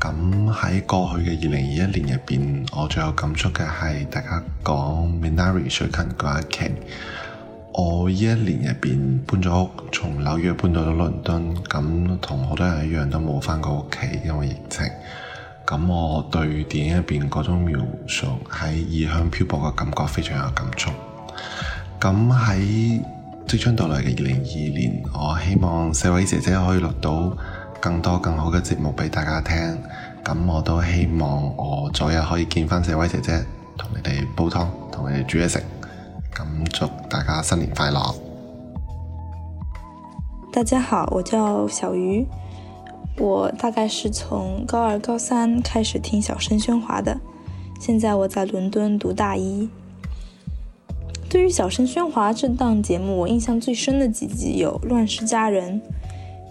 咁喺過去嘅二零二一年入面，我最有感觸嘅係大家講 Minari 最近嗰一期。我呢一年入面搬咗屋，從紐約搬到咗倫敦，咁同好多人一樣都冇返過屋企，因為疫情。咁我對電影入面嗰種描述喺異鄉漂泊嘅感覺非常有感觸。咁喺即將到來嘅二零二二年，我希望四位姐姐可以錄到更多更好嘅節目俾大家聽，咁我都希望我早日可以見翻四位姐姐，同你哋煲湯，同你哋煮嘢食，咁祝大家新年快樂！大家好，我叫小魚，我大概是從高二、高三開始聽《小聲喧嘩》的，現在我在倫敦讀大一。對於《小聲喧嘩》這檔節目，我印象最深的幾集，集有《亂世佳人》。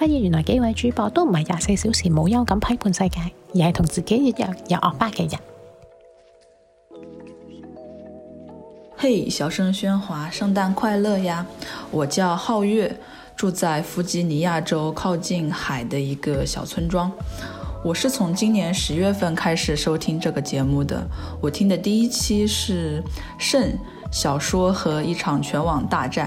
發現原來幾位主播都唔係廿四小時冇休咁批判世界，而係同自己一樣有惡霸嘅人。嘿、hey，小聲喧嘩，聖誕快樂呀！我叫皓月，住在弗吉尼亞州靠近海的一個小村莊。我是從今年十月份開始收聽這個節目的，我聽的第一期是《聖小說》和一場全網大戰。